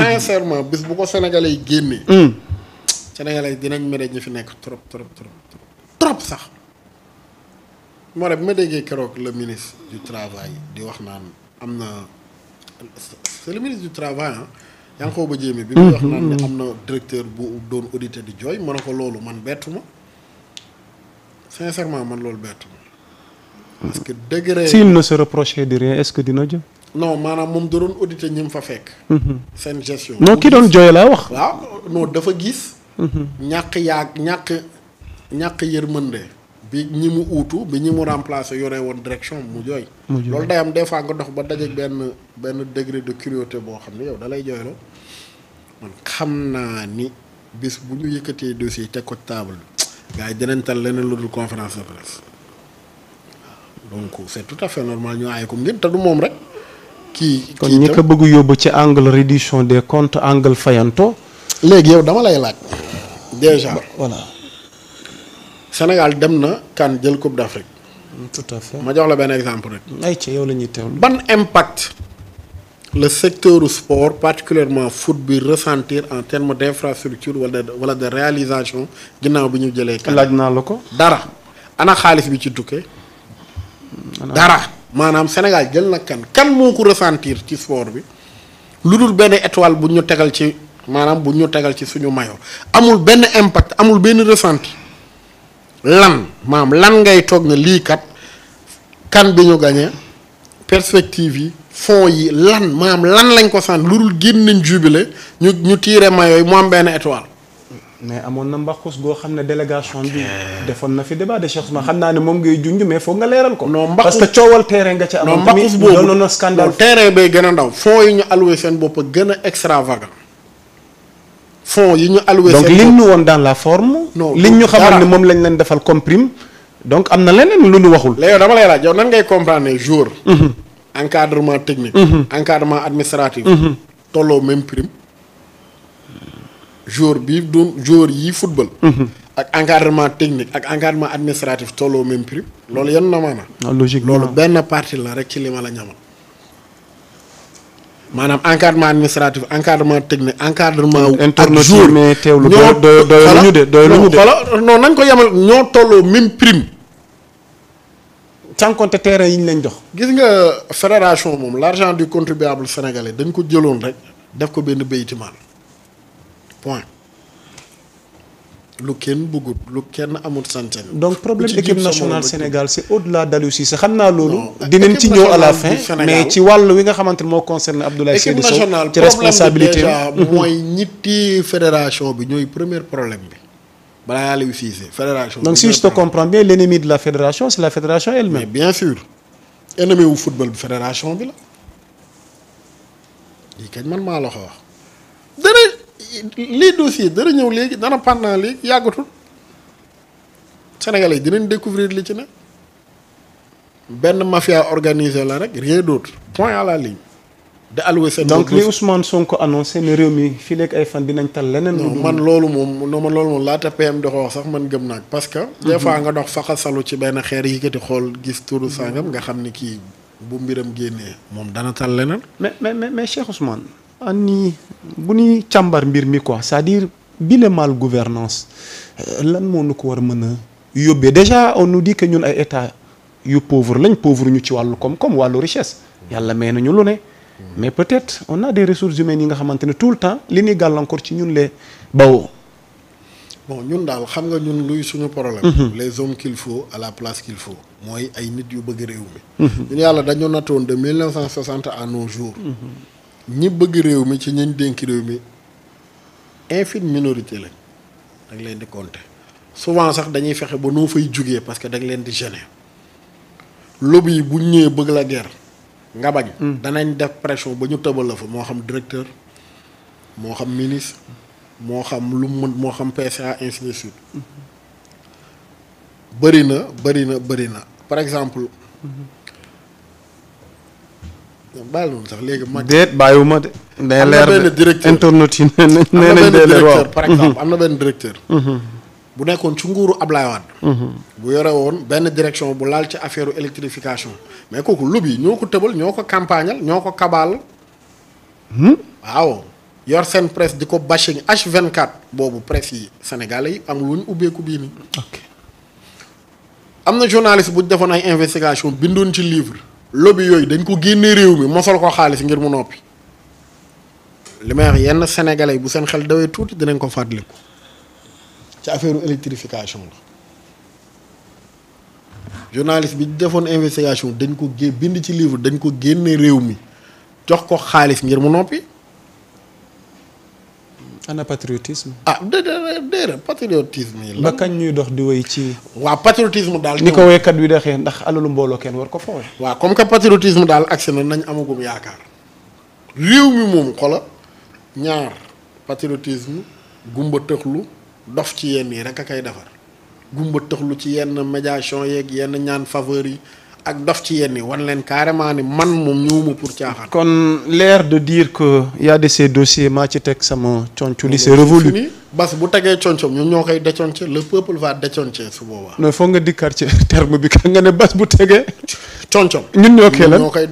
sincèrement bis bu ko sénégalais yi génnee. Hmm. sénégalais yi dinañ mere ñi fi nekk trop trop trop trop sax. moo tax bi ma déggee keroog le ministre du travail di wax naan am na c'est le ministre du travail ah. yaa ba jéeme bi muy wax naan ne am na directeur bu doon audité di jooy ma ne ko loolu man bettu ma sincèrement man loolu bettu ma. parce que degré. s'il ne se rien est-ce que dina jëm. non maanaam moom da doon auditer ñi mu fa fekk. Mhm. seen gestion. non ki doon jooy laa wax. waaw non dafa gis. Mhm. ñàkk yaag ñàkk ñàkk yërmande bi ñi mu uutu bi ñi mu remplacer yore woon direction mu jooy. loolu day am des fois nga dox ba dajeeg benn benn degré de curiosité boo xam ne yow da lay jooyloo man xam naa ni bis bu ñu yëkkatee dossier te ko table bi. gars yi dinañ tal leneen lu dul conférence de presse donc c' est tout à fait normal ñu aaye ko ngir te du moom rek. kii kon ñi ko bëgg yóbbu ci angle réduction des comptes angle fayanto léegi yow dama lay laaj déjà voilà Sénégal dem na kan jël coup d'Afrique tout à fait ma jox la benn exemple rek ci yow la ñuy teewlu ban impact le secteur du sport particulièrement foot bi ressentir en termes d'infrastructure wala de wala de réalisation ginnaaw bi ñu jëlee kan laaj naa la ko dara ana xaalis bi ci tukkee dara maanaam Sénégal jël na kan kan moo ko ressentir ci sport bi lu dul benn étoile bu ñu tegal ci maanaam bu ñu tegal ci suñu mayo amul benn impact amul benn ressenti lan maam lan ngay toog ne lii kat kan bi ñu gañee perspective yi fonds yi lan maam lan lañ ko sant lu dul génn nañ jubilé ñu ñu tiire mayo yi mu am benn étoile mais amoon na mbaxus goo xam ne délégation bi defoon na fi débat de Cheikh xam naa ne moom ngay junj mais foog nga leeral ko. non mbaxus parce coowal terrain nga ca amoon. a ndaw fonds yi ñu alloué seen bopp gën a extravagant. fonds yi ñu alloué seen bopp dans la forme. non liñ ñu moom lañ leen defal comprime donc am na leneen lu ñu waxul. léegi dama lay laaj yow nan ngay comprendre ne jour. Mhm. encadrement technique. Mhm. encadrement administratif. Mhm. tolloo même prime. joueur bii doon joueur yii football. Mhm. ak encadrement technique ak encadrement administratif tolloo même prix loolu yan na maanaam. Ah, logiquement loolu benn partie la rek ci li ma la ñamal. maanaam encadrement administratif encadrement technique encadrement. ak jour mais teewlu ñoo doy ñu de doy ñu de nañ ko yemal ñoo tolloo même prime. sans compter terrain yi ñu leen jox. gis nga fédération moom l' argent du contribuable sénégalais dañ ko jëloon rek def ko benn béytimaan. point lu kenn bëggut lu kenn amut santen donc problème équipe nationale Sénégal c'est au-delà d'Aliou Cissé xam naa loolu. dinañ ci ñëw à la fin mais ci wàll wi nga xamante ne moo concerne Abdoulaye Seydou Sow ci responsabilité mooy ñitti fédération bi ñooy premier problème bi balaa Aliou Cissé fédération. donc si je te comprends bien l'ennemi de la fédération c'est la fédération elle-même. mais bien sûr ennemi wu football bi fédération bi la ko wax. lii dossier dara ñëw léegi dana pendant léegi yàggatul Sénégalais yi dinañ découvrir li ci ne benn mafia organiser la rek rien d'autre point à la ligne. de alloué seen donc li Ousmane Sonko annoncé ne réew mi fii léegi ay fan dinañ tal leneen. man loolu moom non man loolu moom laata PM di ko wax sax man gëm naa parce que. des fois nga dox faxasalu ci benn xeer yi yëkkati xool gis turu sangam nga xam ni kii bu mbiram génnee. moom dana tal leneen. mais mais mais Cheikh ani bu ñuy càmbar mbir mi quoi c'est-à-dire bi la mal gouvernance euh, lan moo nu ko war a mën a yóbbee déjà on nu dit ñun ay état yu pauvre lañ pauvre ñu ci wàllu koom-koom wàllu richesse yàlla may ñu lu ne mais peut-être on a des ressources humaines yi nga xamante ne tout le temps li ñuy gàllankoor ci ñun les bawoo bon ñun daal xam nga ñun luy suñu problème mhm. les hommes qu'il faut à la place qu'il faut mooy ay nit yu bëgg réew mi mhm. ñun yàlla dañoo nattoon ñi bëgg réew mi ci ñañ dénk réew mi infine minorité lañ da leen di compter souvent sax dañuy fexe ba noo fay jugee parce que da leen di gêner lobby yi bu ñëwee bëgg la guerre nga bañ. Hmm. danañ def pression ba ñu tëbal fa moo xam directeur moo xam ministre moo xam lu mën moo xam PCA ainsi suite hmm. bëri na bëri na bëri na par exemple. Hmm. bàyyi loolu sax léegi mag. déet bàyyiwuma de. day leer de am na benn directeur internet yi nee nañ nee nañ par exemple mhm. am na benn directeur. Mhm. bu nekkoon ci nguuru Ablaye Wade. Mhm. bu yore woon benn direction bu laal ci affaire électrification mais kooku yi ñoo ko tëbal ñoo ko campagnal ñoo ko kabaal. Hmm? waaw yor seen presse di ko bashing H24 boobu presse yi sénégalais yi am lu ñu ubbeeku bii nii. am na journaliste bu defoon ay investigation bindoon ci livre. lobby yooyu dañ ko génne réew mi mosal ko xaalis ngir mu noppi li may wax yenn sénégalais bu seen xel dawee tuuti dinañ ko fàttaliku ci affaire électrification la journaliste bi defoon investigation dañ ko gé bind ci livre dañ ko génne réew mi jox ko xaalis ngir mu noppi. ana patriotisme. ah déedéet déedéet patriotisme yi. ba kañ ñuy dox di wéy ci. waa patriotisme daal. ni ko wéykat wi doxee ndax alalu mbooloo kenn war ko foowe. waa comme que patriotisme daal agsi na nañ amagum yaakaar réew mi moom xola ñaar patriotisme gumba tëxlu dof ci yenn yi rek a kay defar gumba tëxlu ci yenn médiation yeeg yenn ñaan faveur yi ak dof ci yenn wan leen carrément ni man moom ñëwuma pour caaxaan. kon l'air de dire que y a de ces maa ci teg sama conculi c'est révolu bas bu tegee concom ñoom ñoo koy déconcer le peuple va déconcer su boobaa. non foog nga dikkaat bi nga ne bas bu tegee. ñun ñoo koy lan ñoo koy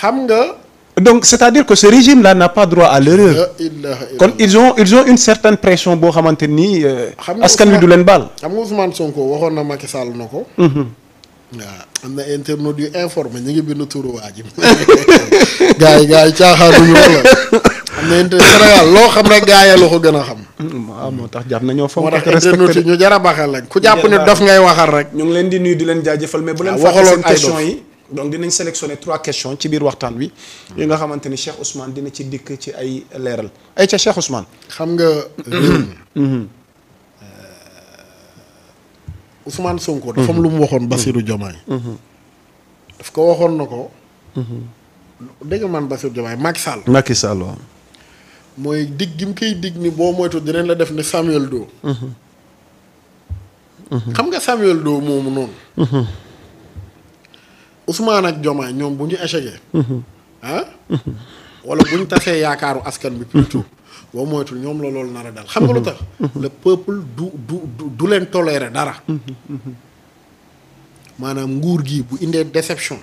xam nga. donc c'est-à-dire que ce régime là n'a pas droit à l'erreur kon ils ont ils ont une certaine pression boo xamante nii euh, askan wi du leen baal xam nga Ousmane Sonko waxoon na Macky Sall na ko mhm. waaw am na internautes yu informé ñu ngi bind tuuru waa ji. gars yi gars yi caaxaanuñu la. am na inter loo xam rek gars yi la ko gën a xam. moo tax jàpp nañoo fonk ak respecté ñu jar a baxal lañ ku jàpp ne dof ngay waxal rek. ñu ngi leen di nuyu di leen jaajëfal mais bu leen. waxaloon seen question yi. donc dinañ sélectionner trois questions ci biir waxtaan wi. yi nga xamante ni Cheikh Ousmane dina ci dikk ci ay leeral. ay ca Cheikh Ousmane. xam nga. Mm-hmm. Mm-hmm. Ousmane Sonko. dafa am lu mu waxoon Bassirou Diomaye. daf ko waxoon na ko. dégg man Bassirou Diomaye Macky Sall. Macky Sall mooy dig gi mu koy dig ni boo moytu dinañ la def ne Samuel Doe. xam nga Samuel Doe moomu noonu. Ousmane ak Diomaye ñoom bu ñu échecgee. Mhm. ah. bu ñu tasee yaakaaru askan bi plutôt. boo moytul ñoom la loolu nar a dal xam nga lu tax mhm. le peuple du du du leen tolérer dara mhm. Mhm. maanaam nguur gi bu indee déception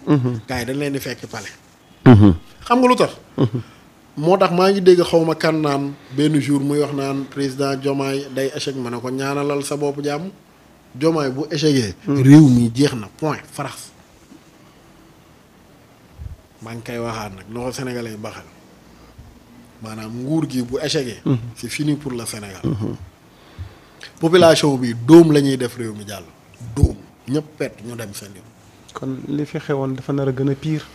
gars yi dañ leen di fekk palais xam nga lu tax moo tax maa ngi dégg xawma kan naan benn jour muy wax naan président Diomaye day échec ma ne ko ñaanalal sa bopp jàmm jomaay bu échecgee réew mi jeex na point faras maa ngi koy waxaat nag loxo sénégalais yi baxal maanaam nguur gi bu échecgee mhm. c'est fini pour le Sénégal population bi dóom la ñuy def réew mi jàll dóom ñëpp perte ñu dem seen yoon kon li fi xewoon dafa nar a gën a pire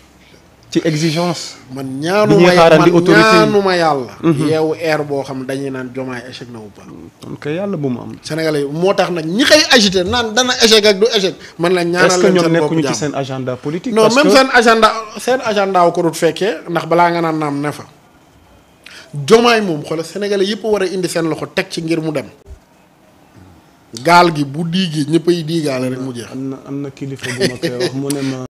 ci exigence man ñaanuma man ñaanuma yàlla mhm. yeewu air boo xam dañuy naan jomaay échec na ou pas mm. kon kay yàlla bu mu am sénégalais yi moo tax nag ñi koy agité naan dana échec ak du échec man la ñaanal est-ce que ñoom nekkuñu ci seen agenda politique non même agenda seen agenda wu ko fekkee ndax balaa nga naan naam ne fa jomaay moom xoolal sénégalais yëpp war a indi seen loxo teg ci ngir mu dem. gaal gi bu diigee ñëppay diigaale rek mu jeex. am na am na kilifa bu ma koy wax mu ne ma.